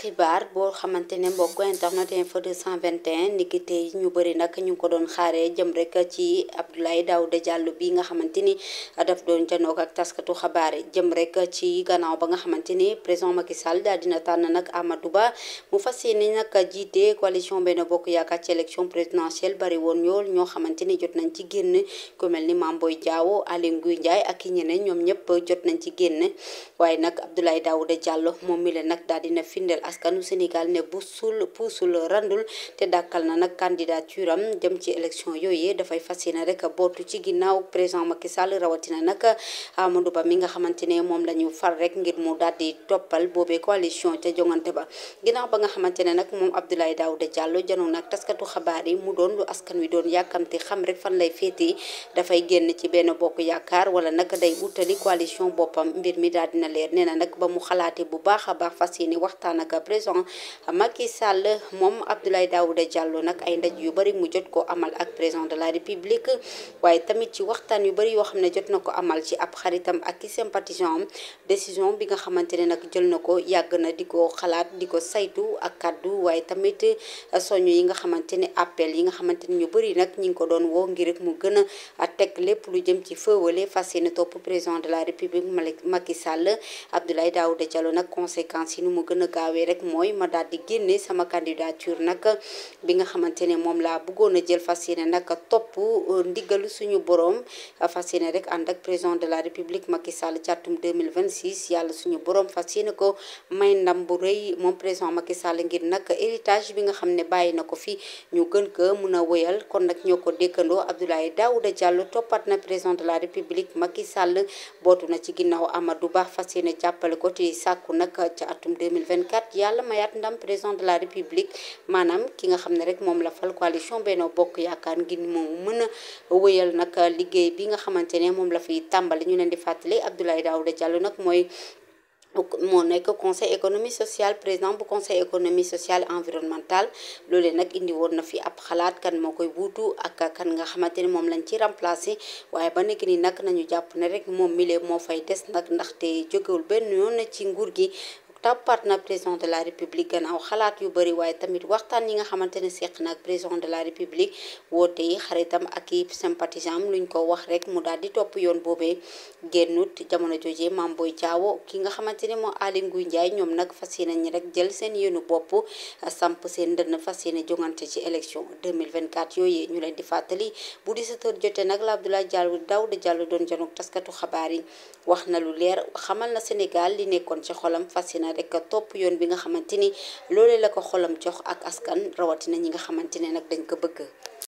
xibaar boo xamante ne mbokk internet info 221 niki ñu bëri nag ñu ko doon xaaree jëm rek ci Abdoulaye Daouda Diallo bi nga xamante ni daf doon janoog ak taskatu xabaar jëm rek ci gannaaw ba nga xamante ni président Macky Sall daal dina tànn nag Amadou Ba mu fas yéene nag jiite coalition Benno Bokk Yaakaar ci élection présidentielle bari woon ñool ñoo xamante ni jot nañ ci génn ku mel ni Mame Boye Diao Aly Ngouille ak i ñeneen ñoom ñëpp jot nañ ci génn waaye nag Abdoulaye Daouda Diallo moom mi la nag daal dina findeel askanu Sénégal ne busul puusul randul te dàkkal na nag candidature am jëm ci élection yooyee dafay fas yéene rek bootu ci ginnaaw président Macky Sall rawatina nag Amadou Ba mi nga xamante ne moom la ñu far rek ngir mu daal di toppal boobee coalition ca jongante ba ginnaaw ba nga xamante ne nag moom Abdoulaye Daouda Diallo janoo nag taskatu xabaar yi mu doon lu askan wi doon yàkkamti xam rek fan lay féetee dafay génn ci benn bokk yaakaar wala nag day utali coalition boppam mbir mi daal dina leer nee nag ba mu xalaatee bu baax a baax fas yéene présent Macky Sall moom Abdoulaye Daouda Diallo nag ay ndaj yu bëri mu jot ko amal ak président de la république waaye tamit ci waxtaan yu bëri yoo xam ne jot na ko amal ci ab xaritam ak i sympathisant am décision bi nga xamante ne nag jël na ko yàgg na di ko xalaat di ko saytu ak kaddu waaye tamit soñu yi nga xamante ne appel yi nga xamante ne ñu bëri nag ñi ngi ko doon woo ngir rek mu gën a teg lépp lu jëm ci féewale fas yéene topp président de la république Macky Sall Abdoulaye Daouda rek mooy ma daal di génne sama candidature nag bi nga xamante ne moom laa bëggoon a jël fas yéene nag topp euh, ndigalu suñu borom fas yéene rek ànd ak président de la république Macky Sall ci atum 2026 yàlla suñu borom fas yéene ko may ndam bu rëy moom président Macky Sall ngir nag héritage bi nga xam ne bàyyi na ko fi ñu gën ko mun a wéyal kon nag ñoo ko dékkandoo Abdoulaye Daouda Diallo toppat na président de la république Macky Sall bootu na ci ginnaaw Amadou Ba fas yéene jàppale ko te sàkku nag ci atum 2024 yàlla mayaat ndam président de la république maanaam ki nga xam ne rek moom la fal coalition Benno Bokk Yaakaar ngir moom mën a wëyal nag liggéey bi nga xamante ne moom la fiy tàmbali ñu leen di fàttali Abdoulaye Daouda Diallo nag mooy moo nekk conseil économie sociale président bu conseil économie sociale environnemental loolee nag indi woon na fi ab xalaat kan moo koy wuutu ak kan nga xamante ne moom lañ ci remplacer waaye ba nekk ni nag nañu jàpp ne rek moom mile moo fay des nag ndaxte jógewul benn yoon ci nguur gi toppaat na président de la république gannaaw xalaat yu bëri waaye tamit waxtaan yi nga xamante ne seq na ak président de la république woote yi xaritam ak i sympathisant luñ ko wax rek mu daal di topp yoon boobee génnut jamono jooje Mame Boye Diao ki nga xamante ne moo Aly Ngouille Ndiaye ñoom nag fas yéene ñi rek jël seen yéenu bopp samp seen dënn fas yéene jongante ci élection 2024 yooyu ñu leen di fàttali bu 17h jotee nag la Abdoulaye Diallo Daouda Diallo doon janoog taskatu xabaar yi wax na lu leer xamal na Sénégal li nekkoon ci xolam fas yéene a rek topp yoon bi nga xamante ni loolee la ko xolam jox ak askan rawatina ñi nga xamante ne nag dañ ko bëgg